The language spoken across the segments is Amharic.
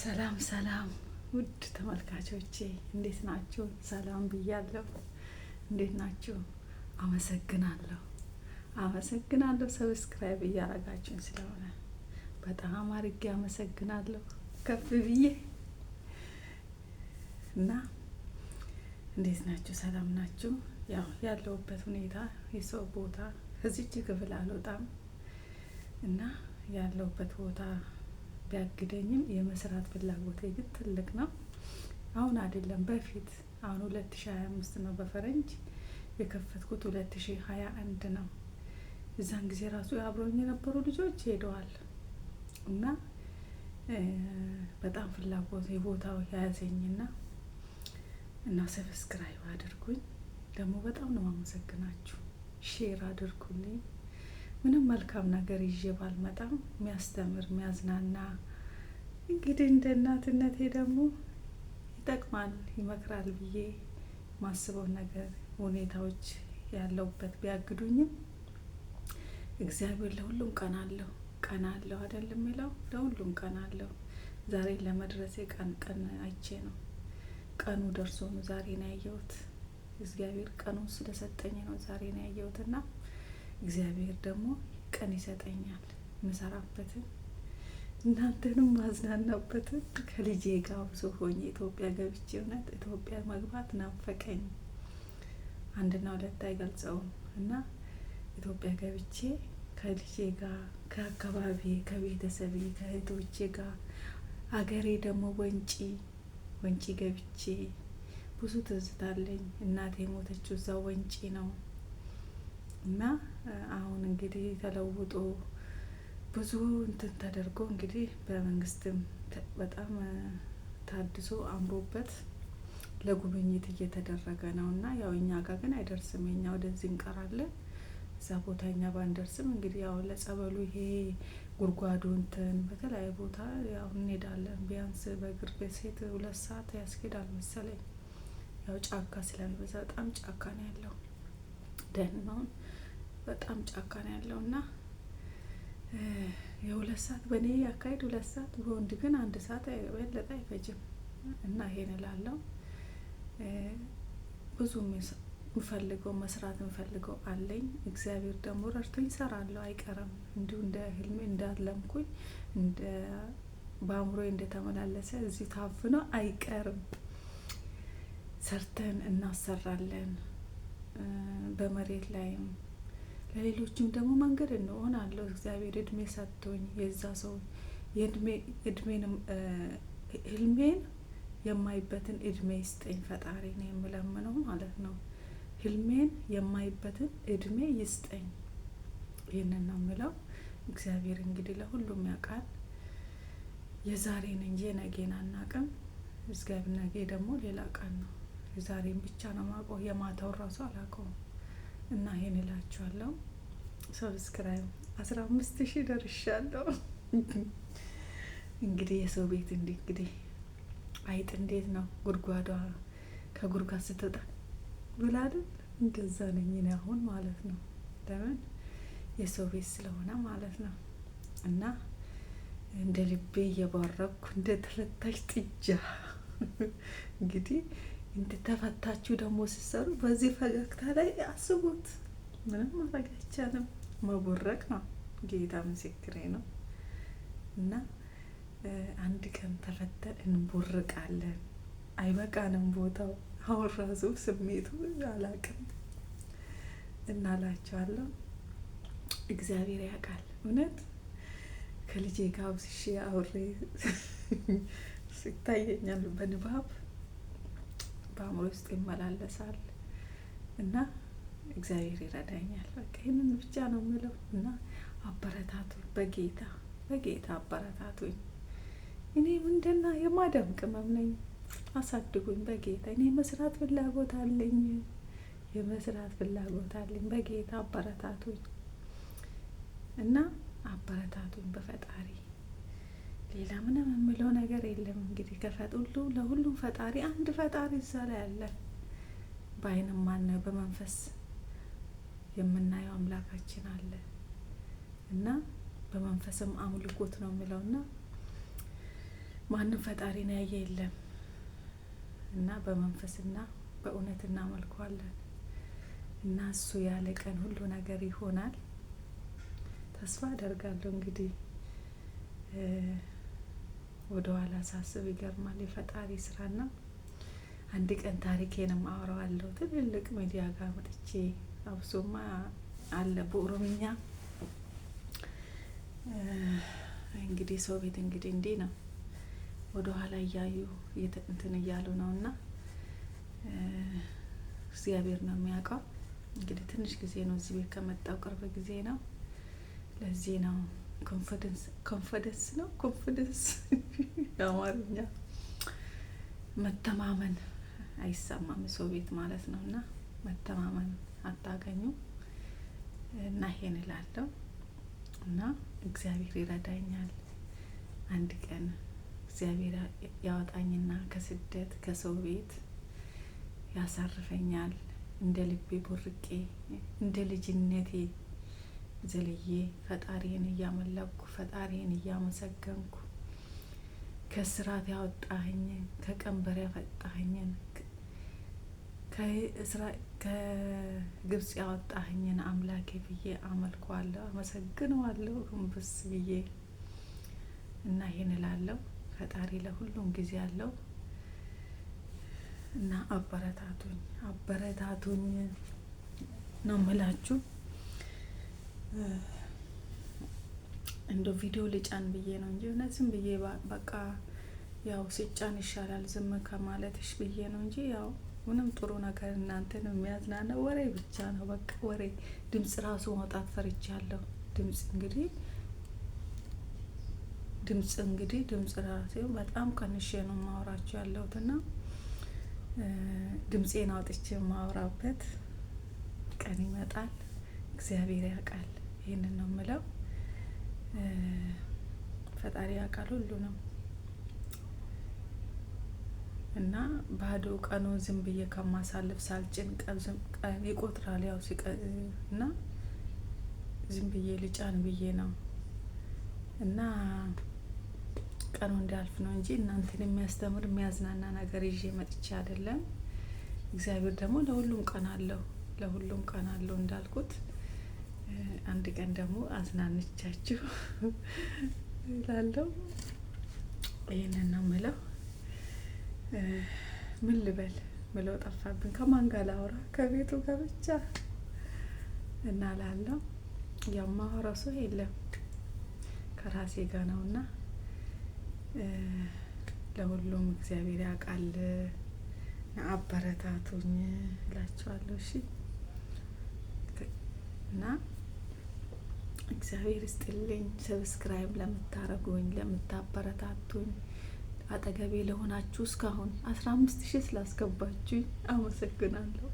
ሰላም ሰላም ውድ ተመልካቾቼ እንዴት ናችሁ? ሰላም ብያለሁ። እንዴት ናችሁ? አመሰግናለሁ አመሰግናለሁ ሰብስክራይብ እያረጋችሁን ስለሆነ በጣም አርጌ አመሰግናለሁ ከፍ ብዬ እና እንዴት ናችሁ? ሰላም ናችሁ? ያው ያለሁበት ሁኔታ የሰው ቦታ ከዚች ክፍል አልወጣም እና ያለሁበት ቦታ ቢያግደኝም የመስራት ፍላጎቴ ግን ትልቅ ነው። አሁን አይደለም በፊት አሁን ሁለት ሺ ሀያ አምስት ነው በፈረንጅ የከፈትኩት ሁለት ሺ ሀያ አንድ ነው። እዛን ጊዜ ራሱ አብረኝ የነበሩ ልጆች ሄደዋል እና በጣም ፍላጎት የቦታው የያዘኝና እና ሰብስክራይብ አድርጉኝ። ደግሞ በጣም ነው አመሰግናችሁ። ሼር አድርጉልኝ። ምንም መልካም ነገር ይዤ ባልመጣም የሚያስተምር የሚያዝናና እንግዲህ እንደ እናትነቴ ደግሞ ይጠቅማል ይመክራል ብዬ ማስበው ነገር ሁኔታዎች ያለውበት ቢያግዱኝም እግዚአብሔር ለሁሉም ቀን አለው። ቀን አለው አይደለም የሚለው ለሁሉም ቀን አለው። ዛሬ ለመድረሴ ቀን ቀን አይቼ ነው። ቀኑ ደርሶ ነው ዛሬ ነው ያየሁት። እግዚአብሔር ቀኑ ስለሰጠኝ ነው ዛሬ ነው እና እግዚአብሔር ደግሞ ቀን ይሰጠኛል ምሰራበትን እናንተንም ማዝናናበትን ከልጄ ጋብዞ ሆኜ ኢትዮጵያ ገብቼ እውነት ኢትዮጵያ መግባት ናፈቀኝ። አንድና ሁለት አይገልጸውም እና ኢትዮጵያ ገብቼ ከልጄ ጋር ከአካባቢ ከቤተሰቤ ከእህቶቼ ጋር አገሬ ደግሞ ወንጪ ወንጪ ገብቼ ብዙ ትዝታለኝ። እናቴ የሞተችው እዛ ወንጪ ነው። እና አሁን እንግዲህ ተለውጦ ብዙ እንትን ተደርጎ እንግዲህ በመንግስትም በጣም ታድሶ አምሮበት ለጉብኝት እየተደረገ ነው እና ያው እኛ ጋር ግን አይደርስም። የኛ ወደዚህ እንቀራለን እዛ ቦታ እኛ ባንደርስም እንግዲህ ያው ለጸበሉ ይሄ ጉርጓዱ እንትን በተለያዩ ቦታ ያው እንሄዳለን። ቢያንስ በእግር በሴት ሁለት ሰዓት ያስኬዳል መሰለኝ። ያው ጫካ ስላልበዛ በጣም ጫካ ነው ያለው ደህናውን በጣም ጫካ ነው ያለው እና የሁለት ሰዓት በእኔ አካሄድ ሁለት ሰዓት በወንድ ግን አንድ ሰዓት በለጠ አይፈጅም እና ይሄን እላለሁ። ብዙ ምፈልገው መስራት ምፈልገው አለኝ። እግዚአብሔር ደግሞ ረድቶኝ ሰራለሁ፣ አይቀርም። እንዲሁ እንደ ህልሜ እንዳለምኩኝ እንደ በአእምሮ እንደተመላለሰ እዚህ ታፍኖ አይቀርም። ሰርተን እናሰራለን በመሬት ላይም ለሌሎችም ደግሞ መንገድ እንሆን አለው እግዚአብሔር እድሜ ሰጥቶኝ የዛ ሰው እድሜን ህልሜን የማይበትን እድሜ ይስጠኝ ፈጣሪ ነው የምለምነው ማለት ነው። ህልሜን የማይበትን እድሜ ይስጠኝ። ይህንን ነው የምለው። እግዚአብሔር እንግዲህ ለሁሉም ያውቃል። የዛሬን እንጂ የነገን አናውቅም። እግዚአብሔር ነገ ደግሞ ሌላ ቀን ነው። የዛሬን ብቻ ነው ማውቀው። የማታውን ራሱ አላውቀውም። እና ይሄን እላችኋለሁ። ሰብስክራይብ አስራ አምስት ሺህ ደርሻለሁ። እንግዲህ የሰው ቤት እንዲ እንግዲህ አይጥ እንዴት ነው ጉድጓዷ ከጉድጓድ ስትወጣ ብላድን እንደዛ ነኝ እኔ አሁን ማለት ነው። ለምን የሰው ቤት ስለሆነ ማለት ነው። እና እንደ ልቤ እየባረኩ እንደ ተፈታሽ ጥጃ እንግዲህ እንድተፈታችሁ ደግሞ ሲሰሩ በዚህ ፈገግታ ላይ አስቡት። ምንም ማድረግ አይቻልም። መቦረቅ ነው። ጌታ ምስክሬ ነው። እና አንድ ቀን ተፈተን እንቦርቃለን። አይበቃንም ቦታው። አሁን ራሱ ስሜቱ አላቅም እናላቸዋለሁ። እግዚአብሔር ያውቃል። እውነት ከልጄ ጋር አብዝሼ አውሬ ሲታየኛል በንባብ በአእምሮ ውስጥ ይመላለሳል እና እግዚአብሔር ይረዳኛል። በቃ ይህንን ብቻ ነው የምለው እና አበረታቱኝ፣ በጌታ በጌታ አበረታቱኝ። እኔ ምንድና የማደም ቅመም ነኝ፣ አሳድጉኝ በጌታ እኔ መስራት ፍላጎት አለኝ፣ የመስራት ፍላጎት አለኝ። በጌታ አበረታቱኝ እና አበረታቱኝ በፈጣሪ ሌላ ምንም የምለው ነገር የለም። እንግዲህ ከፈጡሉ ለሁሉም ፈጣሪ አንድ ፈጣሪ እዛ ላይ አለ። በአይንም ማናየው በመንፈስ የምናየው አምላካችን አለ እና በመንፈስም አምልኮት ነው የምለው እና ማንም ፈጣሪን ያየ የለም እና በመንፈስና በእውነት እናመልከዋለን እና እሱ ያለ ቀን ሁሉ ነገር ይሆናል። ተስፋ አደርጋለሁ እንግዲህ ወደ ኋላ ሳስብ ይገርማል የፈጣሪ ስራ ና አንድ ቀን ታሪኬንም አወራዋለሁ ትልልቅ ሚዲያ ጋር መጥቼ አብሶማ አለ በኦሮምኛ እንግዲህ ሰው ቤት እንግዲህ እንዲህ ነው ወደ ኋላ እያዩ እንትን እያሉ ነው እና እግዚአብሔር ነው የሚያውቀው። እንግዲህ ትንሽ ጊዜ ነው እዚህ ቤት ከመጣው ቅርብ ጊዜ ነው። ለዚህ ነው ኮንፈደንስ ኮንፈደንስ ነው። ኮንፈደንስ በአማርኛ መተማመን አይሰማም ሰው ቤት ማለት ነው። እና መተማመን አታገኙ እና ይሄን እላለሁ እና እግዚአብሔር ይረዳኛል። አንድ ቀን እግዚአብሔር ያወጣኝና ከስደት ከሰው ቤት ያሳርፈኛል። እንደ ልቤ ቦርቄ እንደ ልጅነቴ ዘልዬ ፈጣሪን እያመለኩ ፈጣሪን እያመሰገንኩ ከስራት ያወጣኸኝን ከቀንበር ያፈጣኸኝን ከግብፅ ያወጣኸኝን አምላኬ ብዬ አመልከዋለሁ፣ አመሰግነዋለሁ ግንብስ ብዬ እና ይህን እላለሁ። ፈጣሪ ለሁሉም ጊዜ አለው እና አበረታቱኝ፣ አበረታቱኝ ነው ምላችሁ። እንደ ቪዲዮ ልጫን ብዬ ነው እንጂ እውነት ዝም ብዬ በቃ ያው ሲጫን ይሻላል ዝም ከማለትሽ ብዬ ነው እንጂ ያው ምንም ጥሩ ነገር እናንተን የሚያዝናነው ወሬ ብቻ ነው። በቃ ወሬ ድምፅ ራሱ ማውጣት ፈርቻለሁ። ድምጽ እንግዲህ ድምጽ እንግዲህ ድምጽ ራሴ በጣም ቀንሼ ነው ማውራቸው ያለሁት እና ድምፄን አውጥቼ ማውራበት ቀን ይመጣል። እግዚአብሔር ያውቃል። ይህንን ነው የምለው። ፈጣሪ ያውቃል ሁሉንም። እና ባዶ ቀኑ ዝም ብዬ ከማሳልፍ ሳልጭን ቀን ይቆጥራል ያው እና ዝም ብዬ ልጫን ብዬ ነው እና ቀኑ እንዲያልፍ ነው እንጂ እናንተን የሚያስተምር የሚያዝናና ነገር ይዤ መጥቼ አይደለም። እግዚአብሔር ደግሞ ለሁሉም ቀን አለው፣ ለሁሉም ቀን አለው እንዳልኩት አንድ ቀን ደግሞ አዝናንቻችሁ ላለው ይህንን ነው ምለው። ምን ልበል ምለው ጠፋብን። ከማን ጋር ላውራ? ከቤቱ ጋር ብቻ እና ላለው ያው ሰው የለም ከራሴ ጋር ነው እና ለሁሉም እግዚአብሔር ያውቃል። አበረታቱኝ እላችኋለሁ። እሺ እና እግዚአብሔር ይስጥልኝ። ሰብስክራይብ ለምታረጉኝ፣ ለምታበረታቱኝ፣ አጠገቤ ለሆናችሁ እስካሁን አስራ አምስት ሺህ ስላስገባችሁኝ አመሰግናለሁ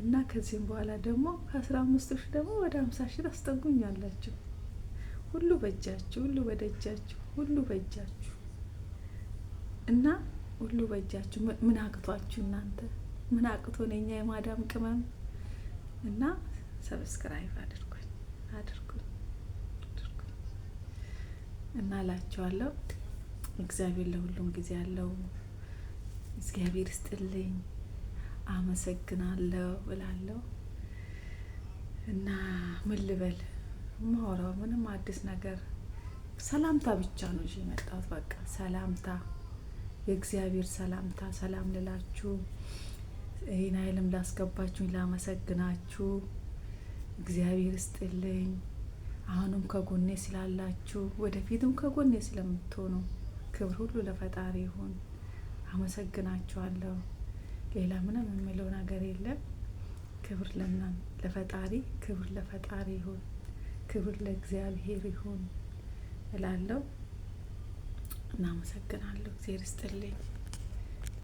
እና ከዚህም በኋላ ደግሞ ከአስራ አምስት ሺህ ደግሞ ወደ ሀምሳ ሺህ ታስጠጉኛላችሁ። ሁሉ በእጃችሁ፣ ሁሉ በደጃችሁ፣ ሁሉ በእጃችሁ እና ሁሉ በእጃችሁ። ምን አቅቷችሁ እናንተ? ምን አቅቶ እኛ የማዳም ቅመም እና ሰብስክራይብ አድርጉ። አድርጉ እና እላችኋለሁ። እግዚአብሔር ለሁሉም ጊዜ አለው። እግዚአብሔር ይስጥልኝ፣ አመሰግናለሁ እላለሁ እና ምን ልበል ማውራው ምንም አዲስ ነገር ሰላምታ ብቻ ነው እሺ የመጣሁት። በቃ ሰላምታ የእግዚአብሔር ሰላምታ ሰላም ልላችሁ ይህን አይልም ላስገባችሁኝ ላመሰግናችሁ እግዚአብሔር ስጥልኝ። አሁንም ከጎኔ ስላላችሁ ወደፊትም ከጎኔ ስለምትሆኑ ክብር ሁሉ ለፈጣሪ ይሁን። አመሰግናችኋለሁ። ሌላ ምንም የምለው ነገር የለም። ክብር ለናን ለፈጣሪ ክብር ለፈጣሪ ይሁን። ክብር ለእግዚአብሔር ይሁን እላለሁ። እናመሰግናለሁ። እግዚአብሔር ስጥልኝ።